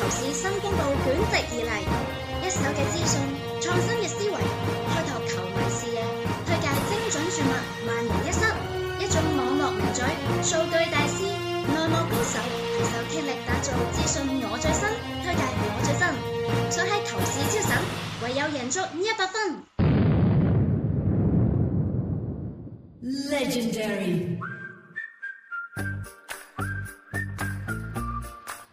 投市新風暴卷席而嚟，一手嘅資訊，創新嘅思維，開拓球迷視野，推介精準注物，萬無一失。一眾網絡名嘴、數據大師、內幕高手，携手傾力打造資訊我最新，推介我最新。想喺投市超神，唯有贏足一百分。Legendary。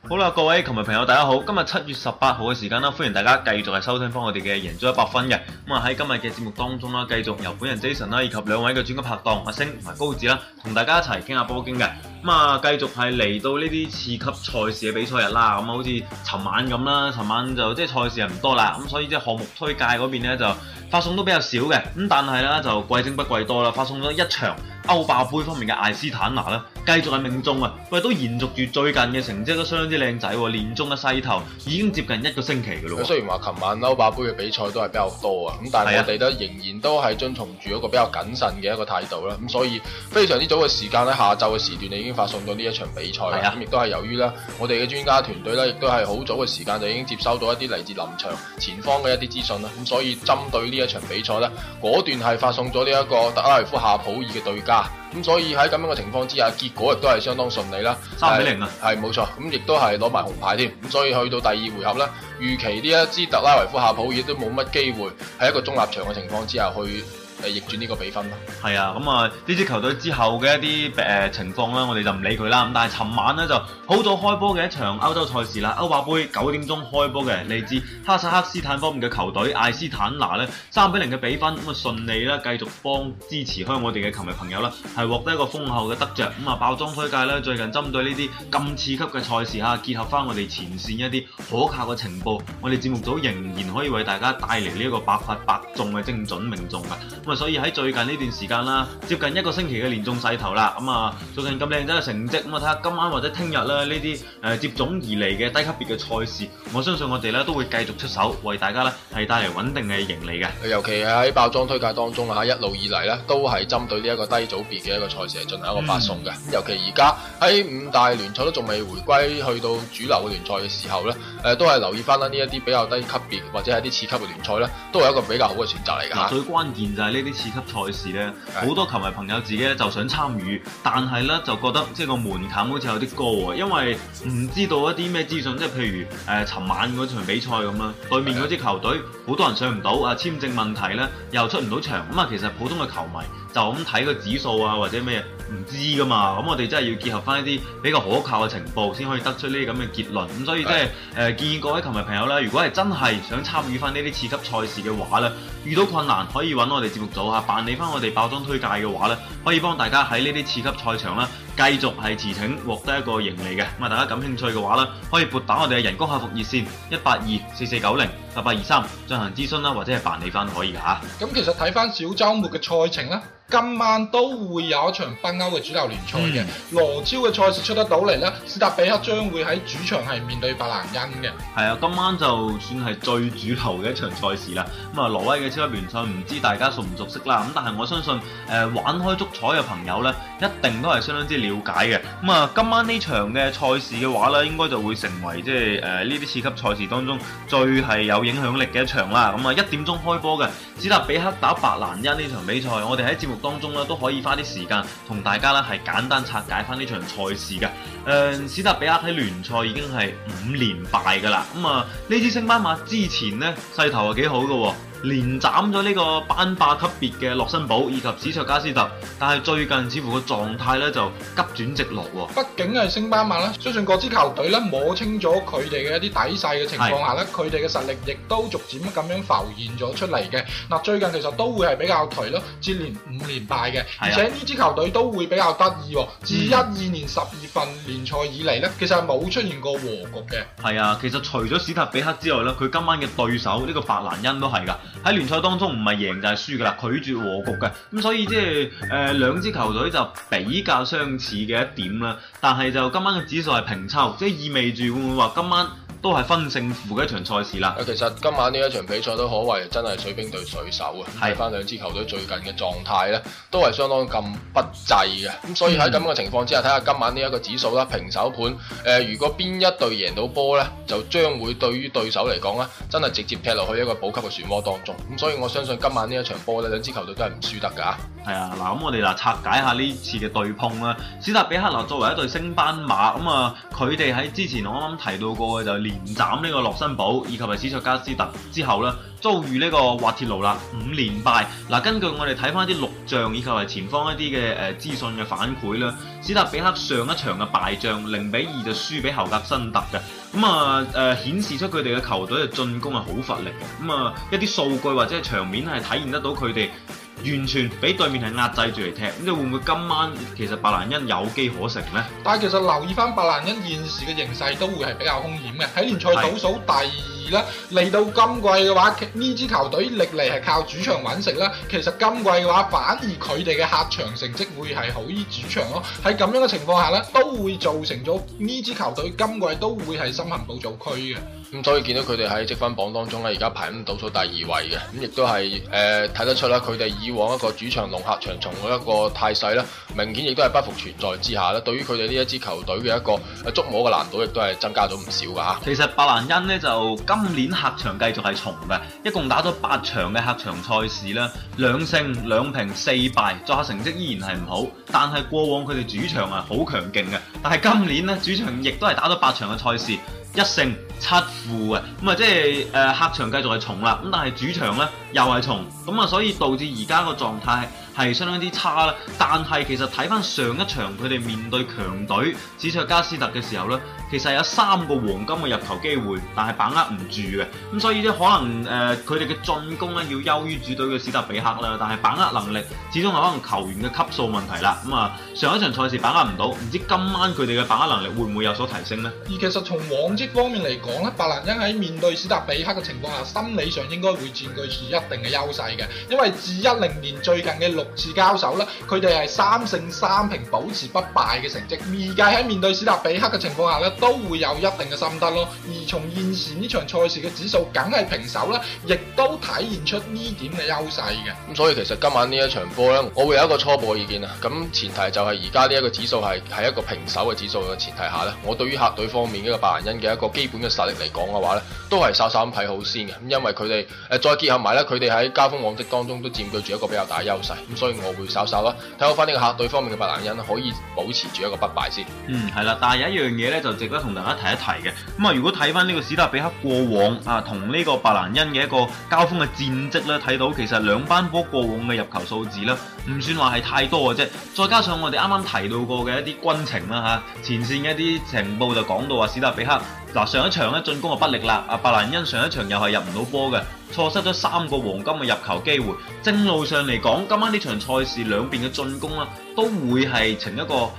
好啦，各位球迷朋友，大家好！今日七月十八號嘅時間啦，歡迎大家繼續係收聽翻我哋嘅贏足一百分嘅。咁啊喺今日嘅節目當中啦，繼續由本人 Jason 啦，以及兩位嘅專家拍檔阿星同埋高智啦，同大家一齊傾下波經嘅。咁啊，繼續係嚟到呢啲次級賽事嘅比賽日啦。咁好似尋晚咁啦，尋晚就即係賽事又唔多啦。咁所以即係項目推介嗰邊咧，就發送都比較少嘅。咁但係咧就貴精不貴多啦，發送咗一場歐霸杯方面嘅艾斯坦拿啦，繼續係命中啊！喂，都延續住最近嘅成績都相當之靚仔喎，連中嘅勢頭已經接近一個星期嘅咯。雖然話尋晚歐霸杯嘅比賽都係比較多啊，咁但係我哋都仍然都係遵從住一個比較謹慎嘅一個態度啦。咁、啊、所以非常之早嘅時間咧，下晝嘅時段你已經發送咗呢一場比賽啦，咁亦、啊、都係由於咧，我哋嘅專家團隊咧，亦都係好早嘅時間就已經接收到一啲嚟自臨場前方嘅一啲資訊啦，咁所以針對呢一場比賽咧，果斷係發送咗呢一個特拉維夫夏普爾嘅對家，咁所以喺咁樣嘅情況之下，結果亦都係相當順利啦，三比零啊，係冇錯，咁亦都係攞埋紅牌添，咁所以去到第二回合咧，預期呢一支特拉維夫夏普爾都冇乜機會喺一個中立場嘅情況之下去。誒逆轉呢個比分啦，係啊，咁啊呢支球隊之後嘅一啲誒、呃、情況啦，我哋就唔理佢啦。咁但係尋晚咧就好早開波嘅一場歐洲賽事啦，歐霸杯九點鐘開波嘅，嚟自哈薩克斯坦方面嘅球隊艾斯坦拿咧，三比零嘅比分，咁啊、嗯、順利啦，繼續幫支持開我哋嘅球迷朋友啦，係獲得一個豐厚嘅得著。咁啊、嗯、爆裝推介啦！最近針對呢啲咁次級嘅賽事嚇，結合翻我哋前線一啲可靠嘅情報，我哋節目組仍然可以為大家帶嚟呢一個百發百中嘅精準命中咁啊，所以喺最近呢段時間啦，接近一個星期嘅連中勢頭啦，咁、嗯、啊，最近咁靚仔嘅成績，咁啊睇下今晚或者聽日咧呢啲誒接踵而嚟嘅低級別嘅賽事，我相信我哋咧都會繼續出手，為大家咧係帶嚟穩定嘅盈利嘅。尤其係喺爆裝推介當中啊，一路以嚟咧都係針對呢一個低組別嘅一個賽事進行一個發送嘅。嗯、尤其而家喺五大聯賽都仲未回歸去到主流嘅聯賽嘅時候咧，誒、呃、都係留意翻啦呢一啲比較低級別或者係啲次級嘅聯賽咧，都係一個比較好嘅選擇嚟嘅。最關鍵就係、是。呢啲次級賽事呢，好多球迷朋友自己咧就想參與，但係呢就覺得即係個門檻好似有啲高啊，因為唔知道一啲咩資訊，即係譬如誒，尋晚嗰場比賽咁啦，對面嗰支球隊好的多人上唔到啊，簽證問題呢又出唔到場，咁啊，其實普通嘅球迷。就咁睇個指數啊，或者咩唔知噶嘛？咁我哋真係要結合翻一啲比較可靠嘅情報，先可以得出呢啲咁嘅結論。咁所以即係誒，建議的、呃、各位球迷朋友啦，如果係真係想參與翻呢啲次級賽事嘅話咧，遇到困難可以揾我哋節目組嚇，辦理翻我哋包裝推介嘅話咧，可以幫大家喺呢啲次級賽場啦，繼續係辭請獲得一個盈利嘅。咁啊，大家感興趣嘅話咧，可以撥打我哋嘅人工客服熱線一八二四四九零八八二三進行諮詢啦，或者係辦理翻可以嚇。咁其實睇翻小週末嘅賽程啦。今晚都會有一場北歐嘅主流聯賽嘅，羅超嘅賽事出得到嚟咧，斯達比克將會喺主場係面對白蘭恩嘅，係啊，今晚就算係最主流嘅一場賽事啦。咁啊，挪威嘅超級聯賽唔知大家熟唔熟悉啦，咁但係我相信誒、呃、玩開足彩嘅朋友咧，一定都係相當之了解嘅。咁啊，今晚呢場嘅賽事嘅話咧，應該就會成為即係誒呢啲次級賽事當中最係有影響力嘅一場啦。咁啊，一點鐘開波嘅斯達比克打白蘭恩呢場比賽，我哋喺節目。當中咧都可以花啲時間同大家咧係簡單拆解返呢場賽事嘅。誒、嗯，史達比亞喺聯賽已經係五連敗㗎啦。咁、嗯、啊，呢支星斑馬之前呢勢頭係幾好嘅喎、啊。連斬咗呢個班霸級別嘅洛辛堡以及史卓加斯特，但係最近似乎個狀態咧就急轉直落喎、哦。畢竟係升班馬啦，相信各支球隊咧摸清咗佢哋嘅一啲底細嘅情況下咧，佢哋嘅實力亦都逐漸咁樣浮現咗出嚟嘅。嗱，最近其實都會係比較頹咯，接連五連敗嘅。而且呢支球隊都會比較得意，自一二年十二月份聯賽以嚟咧，其實係冇出現過和局嘅。係啊，其實除咗史塔比克之外咧，佢今晚嘅對手呢、這個白蘭恩都係噶。喺聯賽當中唔係贏就係輸噶啦，拒絕和局嘅，咁所以即係誒兩支球隊就比較相似嘅一點啦。但係就今晚嘅指數係平抽，即係意味住會唔會話今晚，都係分勝負嘅一場賽事啦。其實今晚呢一場比賽都可謂真係水兵對水手啊。睇返兩支球隊最近嘅狀態呢，都係相當咁不濟嘅。咁所以喺咁嘅情況之下，睇下今晚呢一個指數啦，平手盤。誒、呃，如果邊一隊贏到波呢，就將會對於對手嚟講呢，真係直接劈落去一個保級嘅漩渦當中。咁所以我相信今晚呢一場波呢，兩支球隊都係唔輸得㗎、啊。係啊，嗱咁我哋嗱拆解下呢次嘅對碰啦。史塔比克啦，作為一隊升班馬，咁啊佢哋喺之前我啱啱提到過嘅就連斬呢個洛辛堡以及係史卓加斯特之後咧，遭遇呢個滑鐵盧啦，五連敗。嗱，根據我哋睇翻啲錄像以及係前方一啲嘅誒資訊嘅反饋啦。史塔比克上一場嘅敗仗零比二就輸俾侯格辛特嘅，咁啊誒顯示出佢哋嘅球隊嘅進攻係好乏力嘅，咁啊、呃、一啲數據或者係場面係體現得到佢哋。完全俾對面係壓制住嚟踢，咁你會唔會今晚其實白蘭恩有機可乘呢？但係其實留意翻白蘭恩現時嘅形勢都會係比較兇險嘅，喺聯賽倒數第二啦。嚟的到今季嘅話，呢支球隊歷嚟係靠主場揾食啦。其實今季嘅話，反而佢哋嘅客場成績會係好於主場咯。喺咁樣嘅情況下呢，都會造成咗呢支球隊今季都會係深陷保組區嘅。咁所以見到佢哋喺積分榜當中咧，而家排緊倒數第二位嘅，咁亦都係呃、睇得出啦，佢哋以往一個主場龍客場蟲一個態勢啦，明顯亦都係不復存在之下啦。對於佢哋呢一支球隊嘅一個捉摸嘅難度，亦都係增加咗唔少噶嚇。其實白蘭恩呢，就今年客場繼續係蟲嘅，一共打咗八場嘅客場賽事啦，兩勝兩平四敗，作客成績依然係唔好，但係過往佢哋主場係好強勁嘅，但係今年呢，主場亦都係打咗八場嘅賽事。一勝七負啊，咁啊即係誒客場繼續係重啦，咁但係主場咧又係重，咁啊所以導致而家個狀態係相當之差啦。但係其實睇翻上一場佢哋面對強隊史卓加斯特嘅時候咧，其實有三個黃金嘅入球機會，但係把握唔住嘅，咁所以咧可能誒佢哋嘅進攻咧要優於主隊嘅史達比克啦，但係把握能力始終係可能球員嘅級數問題啦。咁、嗯、啊上一場賽事把握唔到，唔知道今晚佢哋嘅把握能力會唔會有所提升呢？而其實從往方面嚟講咧，白蘭恩喺面對史達比克嘅情況下，心理上應該會佔據住一定嘅優勢嘅。因為自一零年最近嘅六次交手咧，佢哋係三勝三平保持不敗嘅成績。而家喺面對史達比克嘅情況下咧，都會有一定嘅心得咯。而從現時呢場賽事嘅指數，梗係平手啦，亦都體現出呢點嘅優勢嘅。咁所以其實今晚呢一場波咧，我會有一個初步嘅意見啊。咁前提就係而家呢一個指數係係一個平手嘅指數嘅前提下咧，我對於客隊方面呢個白蘭恩嘅一個基本嘅實力嚟講嘅話咧，都係稍稍咁睇好先嘅。咁因為佢哋誒再結合埋咧，佢哋喺交鋒往績當中都佔據住一個比較大嘅優勢。咁所以我會稍稍啦睇好翻呢個客隊方面嘅白蘭恩，可以保持住一個不敗先。嗯，係啦。但係有一樣嘢咧，就值得同大家提一提嘅。咁、嗯、啊，如果睇翻呢個史達比克過往啊，同呢個白蘭恩嘅一個交鋒嘅戰績咧，睇到其實兩班波過往嘅入球數字咧。唔算話係太多嘅啫，再加上我哋啱啱提到過嘅一啲軍情啦嚇，前線嘅一啲情報就講到話史達比克嗱上一場呢進攻就不力啦，阿伯蘭恩上一場又係入唔到波嘅，錯失咗三個黃金嘅入球機會。正路上嚟講，今晚呢場賽事兩邊嘅進攻啦，都會係呈一個誒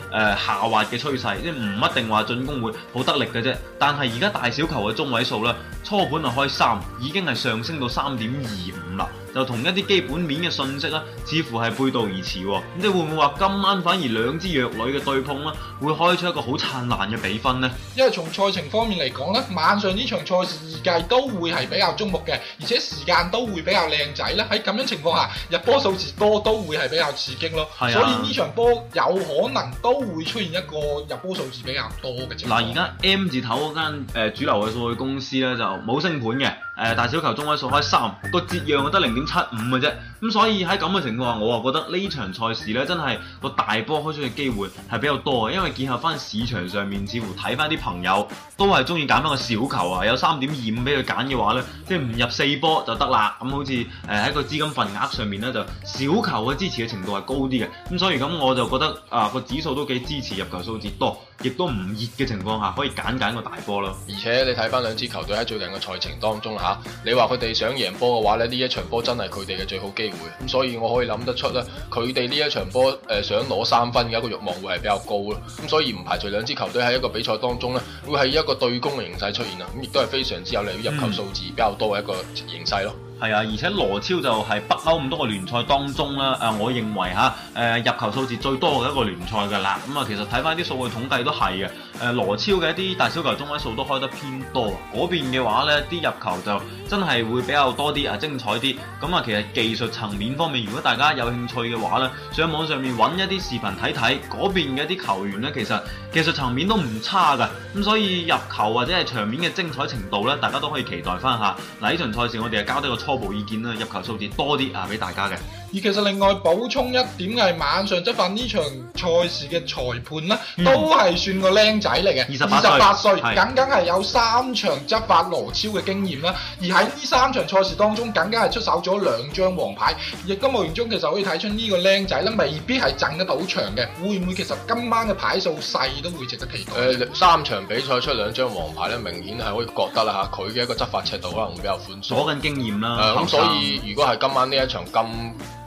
下滑嘅趨勢，即唔一定話進攻會好得力嘅啫。但係而家大小球嘅中位數呢，初盤就開三，已經係上升到三點二五啦。就同一啲基本面嘅信息咧，似乎係背道而馳咁，即係會唔會話今晚反而兩支弱旅嘅對碰咧，會開出一個好燦爛嘅比分咧？因為從賽程方面嚟講咧，晚上呢場賽事預計都會係比較矚目嘅，而且時間都會比較靚仔咧，喺咁樣情況下，入波數字多都會係比較刺激咯。係啊，所以呢場波有可能都會出現一個入波數字比較多嘅啫。嗱，而家 M 字頭嗰間誒主流嘅數據公司咧，就冇升盤嘅。誒大小球中位數開三個折讓，得零點七五嘅啫。咁所以喺咁嘅情況下，我啊覺得呢場賽事咧，真係個大波開出嘅機會係比較多嘅，因為結合翻市場上面，似乎睇翻啲朋友都係中意揀翻個小球啊。有三點二五俾佢揀嘅話咧，即係唔入四波就得啦。咁好似誒喺個資金份額上面咧，就小球嘅支持嘅程度係高啲嘅。咁所以咁我就覺得啊個指數都幾支持入球數字多，亦都唔熱嘅情況下，可以揀揀個大波咯。而且你睇翻兩支球隊喺最近嘅賽程當中啦。你話佢哋想贏波嘅話咧，呢一場波真係佢哋嘅最好機會，咁所以我可以諗得出咧，佢哋呢一場波誒、呃、想攞三分嘅一個欲望會係比較高咯，咁所以唔排除兩支球隊喺一個比賽當中咧，會係一個對攻嘅形勢出現啊，咁亦都係非常之有利於入球數字比較多嘅一個形勢咯。係啊，而且羅超就係北歐咁多個聯賽當中啦。我認為嚇誒入球數字最多嘅一個聯賽㗎啦。咁啊，其實睇翻啲數據統計都係嘅。誒，羅超嘅一啲大小球中位數都開得偏多。嗰邊嘅話呢，啲入球就真係會比較多啲啊，精彩啲。咁啊，其實技術層面方面，如果大家有興趣嘅話呢，上網上面揾一啲視頻睇睇，嗰邊嘅一啲球員呢。其實技術層面都唔差㗎。咁所以入球或者係場面嘅精彩程度呢，大家都可以期待翻下。嗱，呢場賽事我哋係交低個。初步意見啦，入球數字多啲啊，俾大家嘅。而其實另外補充一點嘅係晚上執法呢場賽事嘅裁判呢、啊，嗯、都係算個靚仔嚟嘅，二十八歲，僅僅係有三場執法羅超嘅經驗啦、啊。而喺呢三場賽事當中，僅僅係出手咗兩張黃牌，亦都無形中其實可以睇出呢個靚仔啦，未必係震得到場嘅。會唔會其實今晚嘅牌數細都會值得期待？誒、呃，三場比賽出兩張黃牌呢，明顯係可以覺得啦、啊、嚇，佢嘅一個執法尺度可能會比較寬鬆。攞緊經驗啦，咁所以如果係今晚呢一場咁。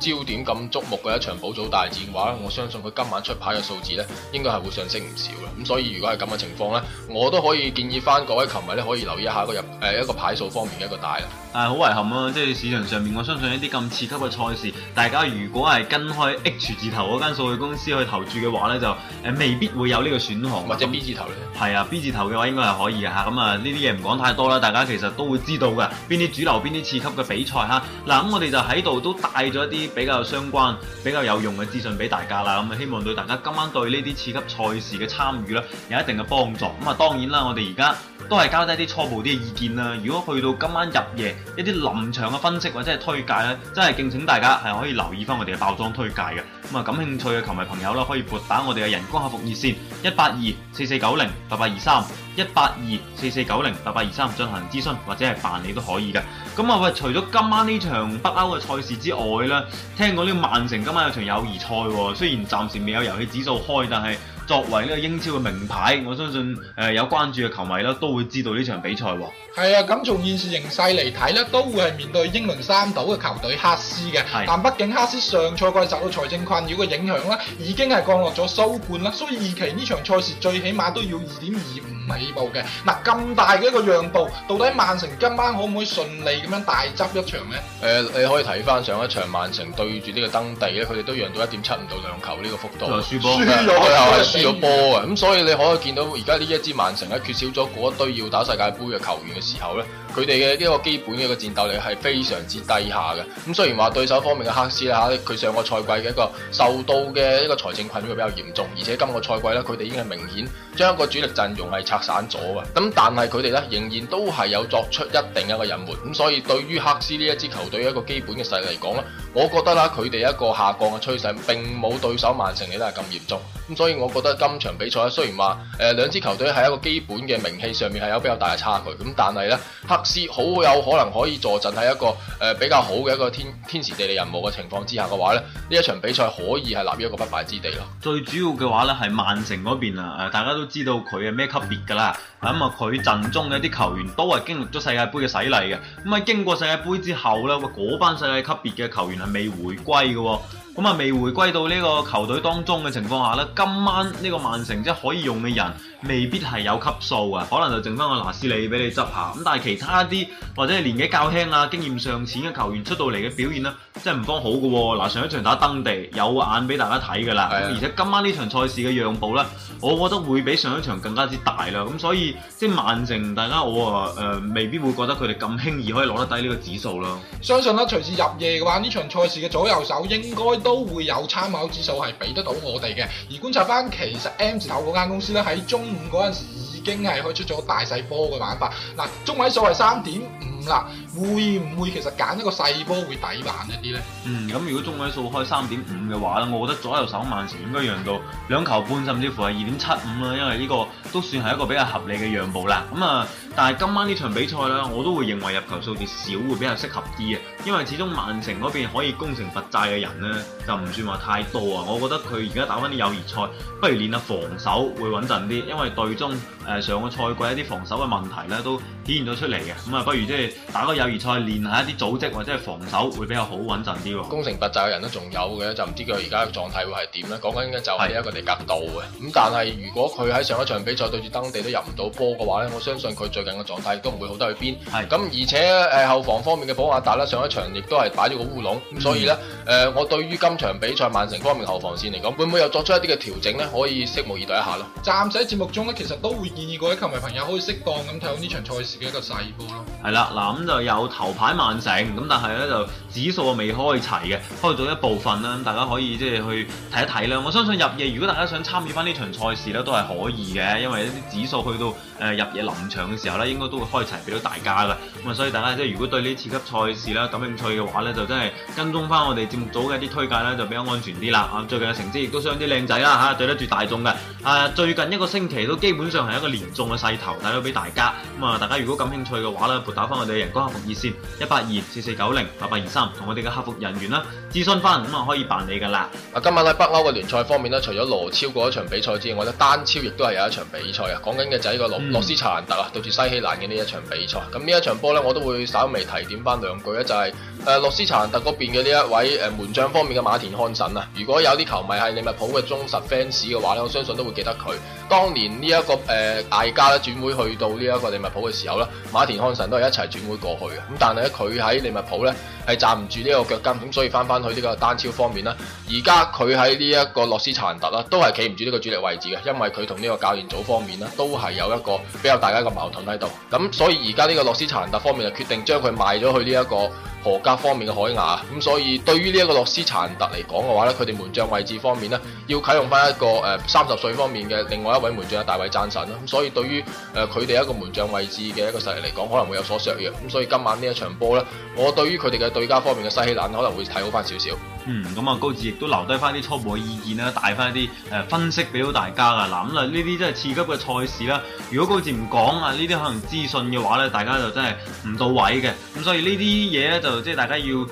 焦點咁矚目嘅一場補組大戰嘅話，我相信佢今晚出牌嘅數字咧，應該係會上升唔少嘅。咁所以如果係咁嘅情況咧，我都可以建議翻各位球迷咧，可以留意一下一個入、呃、一個牌數方面嘅一個帶啦。好遺、啊、憾啊！即係市場上面，我相信一啲咁次級嘅賽事，大家如果係跟開 H 字頭嗰間數據公司去投注嘅話咧，就未必會有呢個選項、啊。或者 B 字頭嚟，係、嗯、啊，B 字頭嘅話應該係可以嘅嚇。咁啊，呢啲嘢唔講太多啦，大家其實都會知道嘅邊啲主流邊啲次級嘅比賽嚇。嗱、啊，咁我哋就喺度都帶咗一啲。比較相關、比較有用嘅資訊俾大家啦，咁啊，希望對大家今晚對呢啲次級賽事嘅參與咧，有一定嘅幫助。咁啊當然啦，我哋而家都係交低啲初步啲嘅意見啦。如果去到今晚入夜一啲臨場嘅分析或者係推介咧，真係敬請大家係可以留意翻我哋嘅包裝推介嘅。咁啊，感興趣嘅球迷朋友啦，可以撥打我哋嘅人工客服熱線一八二四四九零八八二三。一八二四四九零八八二三進行諮詢或者係辦理都可以嘅。咁啊，喂！除咗今晚呢場北歐嘅賽事之外啦，聽講呢曼城今晚有一場友誼賽喎、哦。雖然暫時未有遊戲指數開，但係。作為呢個英超嘅名牌，我相信誒、呃、有關注嘅球迷啦，都會知道呢場比賽喎、哦。係啊，咁從現時形勢嚟睇咧，都會係面對英倫三島嘅球隊黑斯嘅。係，但畢竟黑斯上賽季受到財政困擾嘅影響啦，已經係降落咗蘇冠啦，所以二期呢場賽事最起碼都要二點二五起步嘅。嗱，咁大嘅一個讓步，到底曼城今晚可唔可以順利咁樣大執一場呢？誒、呃，你可以睇返上一場曼城對住呢個登地咧，佢哋都讓到一點七五到兩球呢個幅度。輸波，輸咗。要波啊！咁、嗯、所以你可以見到而家呢一支曼城咧，缺少咗嗰一堆要打世界盃嘅球員嘅時候咧，佢哋嘅呢個基本嘅一個戰鬥力係非常之低下嘅。咁、嗯、雖然話對手方面嘅黑斯啦嚇，佢、啊、上個賽季嘅一個受到嘅一個財政困擾會比較嚴重，而且今個賽季咧佢哋已經係明顯將一個主力陣容係拆散咗嘅，咁但係佢哋咧仍然都係有作出一定嘅一個隱瞞，咁所以對於黑斯呢一支球隊一個基本嘅實力嚟講咧，我覺得啦佢哋一個下降嘅趨勢並冇對手曼城嚟咧係咁嚴重，咁所以我覺得今場比賽咧雖然話誒兩支球隊喺一個基本嘅名氣上面係有比較大嘅差距，咁但係咧黑斯好有可能可以坐鎮喺一個誒、呃、比較好嘅一個天天時地利人和嘅情況之下嘅話咧，呢一場比賽可以係立於一個不敗之地咯。最主要嘅話咧係曼城嗰邊啊，誒、呃、大家都知道佢係咩級別噶啦，咁啊佢陣中嘅啲球員都係經歷咗世界杯嘅洗禮嘅，咁、嗯、啊經過世界杯之後咧，嗰班世界級別嘅球員係未回歸嘅，哦。咁啊，未回歸到呢個球隊當中嘅情況下咧，今晚呢個曼城即係可以用嘅人未必係有級數啊，可能就剩翻個拿斯里俾你執下。咁但係其他一啲或者係年紀較輕啊、經驗尚淺嘅球員出到嚟嘅表現咧，即係唔方好嘅喎。嗱，上一場打登地有眼俾大家睇嘅啦，的而且今晚呢場賽事嘅讓步咧，我覺得會比上一場更加之大啦。咁所以即係曼城，大家我啊、呃、未必會覺得佢哋咁輕易可以攞得低呢個指數咯。相信啦，隨時入夜嘅話呢場賽事嘅左右手應該都會有參考指數，係俾得到我哋嘅。而觀察翻其實 M 字頭嗰間公司咧，喺中午嗰陣時已經係開出咗大細波嘅玩法。嗱，中位數係三點五。咁啦，會唔會其實揀一個細波會抵慢一啲呢？嗯，咁如果中位數開三點五嘅話咧，我覺得左右手曼城應該讓到兩球半，甚至乎係二點七五啦，因為呢個都算係一個比較合理嘅讓步啦。咁、嗯、啊，但係今晚呢場比賽咧，我都會認為入球數字少會比較適合啲啊，因為始終曼城嗰邊可以攻城拔寨嘅人呢，就唔算話太多啊。我覺得佢而家打翻啲友誼賽，不如練下防守會穩陣啲，因為隊中誒、呃、上個賽季一啲防守嘅問題咧都顯現咗出嚟嘅。咁、嗯、啊，不如即係～打個友誼賽練下一啲組織或者係防守會比較好穩陣啲喎。攻城拔寨嘅人都仲有嘅，是就唔知佢而家嘅狀態會係點咧？講緊嘅就係一個地格度嘅。咁是但係如果佢喺上一場比賽對住登地都入唔到波嘅話咧，我相信佢最近嘅狀態亦都唔會好得去邊。係是。咁而且誒，後防方面嘅保亞達咧，上一場亦都係擺咗個烏龍，嗯、所以咧誒、呃、我對於今場比賽曼城方面後防線嚟講，會唔會又作出一啲嘅調整咧？可以拭目以待一下咯。暫時喺節目中咧，其實都會建議各位球迷朋友可以適當咁睇好呢場賽事嘅一個細波咯。係啦。咁、嗯、就有頭牌萬成咁，但係咧就指數未開齊嘅，開咗一部分啦，大家可以即係、就是、去睇一睇啦。我相信入夜如果大家想參與翻呢場賽事咧，都係可以嘅，因為啲指數去到誒、呃、入夜臨場嘅時候咧，應該都會開齊俾到大家噶。咁啊，所以大家即係如果對呢次級賽事啦感興趣嘅話咧，就真係跟蹤翻我哋節目組嘅一啲推介咧，就比較安全啲啦。啊，最近嘅成績亦都相當之靚仔啦嚇，對得住大眾嘅。啊，最近一個星期都基本上係一個連中嘅勢頭，帶到俾大家。咁啊，大家如果感興趣嘅話咧，撥打翻我哋嘅人，嗰個客服熱線一八二四四九零八八二三，同我哋嘅客服人員啦諮詢翻，咁啊可以辦理噶啦。啊，今晚喺北歐嘅聯賽方面咧，除咗羅超過一場比賽之外咧，單超亦都係有一場比賽啊。講緊嘅就係個羅洛斯查蘭特啊，嗯、對住西希蘭嘅呢一場比賽。咁呢一場波咧，我都會稍微提點翻兩句咧，就係、是、誒洛斯查蘭特嗰邊嘅呢一位誒門將方面嘅馬田漢臣啊。如果有啲球迷係利物浦嘅忠實 fans 嘅話咧，我相信都會記得佢當年呢、這、一個誒艾、呃、加咧轉會去到呢一個利物浦嘅時候咧，馬田漢臣都係一齊轉。會過去嘅，咁但係咧，佢喺利物浦咧。係站唔住呢個腳跟，咁所以翻翻去呢個單超方面啦。而家佢喺呢一個洛斯查爾特啦，都係企唔住呢個主力位置嘅，因為佢同呢個教練組方面呢，都係有一個比較大嘅一個矛盾喺度。咁所以而家呢個洛斯查爾特方面就決定將佢賣咗去呢一個荷甲方面嘅海牙。咁所以對於呢一個洛斯查爾特嚟講嘅話呢，佢哋門將位置方面呢，要啟用翻一個誒，三十歲方面嘅另外一位門將大衛贊神啦。咁所以對於誒佢哋一個門將位置嘅一個實力嚟講，可能會有所削弱。咁所以今晚呢一場波呢，我對於佢哋嘅對家方面嘅西冷可能會睇好翻少少。嗯，咁啊高志亦都留低翻啲初步嘅意見啦，帶翻一啲誒分析俾到大家噶嗱，咁啊呢啲真係次級嘅賽事啦。如果高志唔講啊呢啲可能資訊嘅話咧，大家就真係唔到位嘅。咁所以呢啲嘢咧就即係大家要誒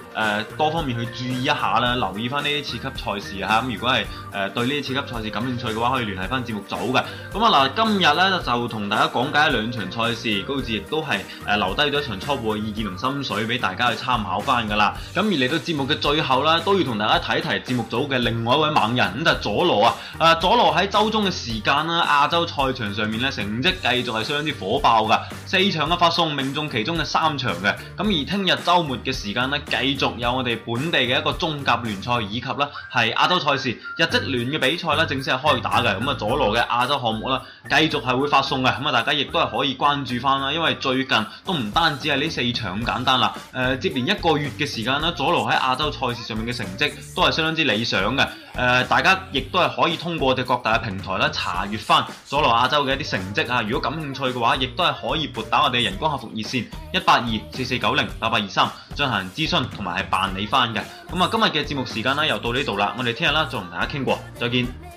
多方面去注意一下啦，留意翻呢啲次級賽事嚇。咁如果係誒對呢啲次級賽事感興趣嘅話，可以聯繫翻節目組嘅。咁啊嗱，今日咧就同大家講解兩場賽事，高志亦都係誒留低咗一場初步嘅意見同心水俾大家去參考翻噶啦。咁而嚟到節目嘅最後啦，都要同大家睇一睇節目組嘅另外一位猛人，咁就係佐羅啊！啊，佐羅喺周中嘅時間啦，亞洲賽場上面咧成績繼續係相當之火爆噶，四場嘅發送命中其中嘅三場嘅。咁而聽日周末嘅時間咧，繼續有我哋本地嘅一個中甲聯賽以及啦係亞洲賽事日職聯嘅比賽咧，正式係開打嘅。咁啊，佐羅嘅亞洲項目啦，繼續係會發送嘅。咁啊，大家亦都係可以關注翻啦，因為最近都唔單止係呢四場咁簡單啦。誒、啊，接連一個月嘅時間啦，佐羅喺亞洲賽事上面嘅成。成績都係相當之理想嘅，誒、呃，大家亦都係可以通過我哋各大嘅平台啦，查閱翻所羅亞洲嘅一啲成績啊。如果感興趣嘅話，亦都係可以撥打我哋嘅人工客服熱線一八二四四九零八八二三進行諮詢同埋係辦理翻嘅。咁、嗯、啊，今日嘅節目時間啦，又到呢度啦，我哋聽日啦，再同大家傾過，再見。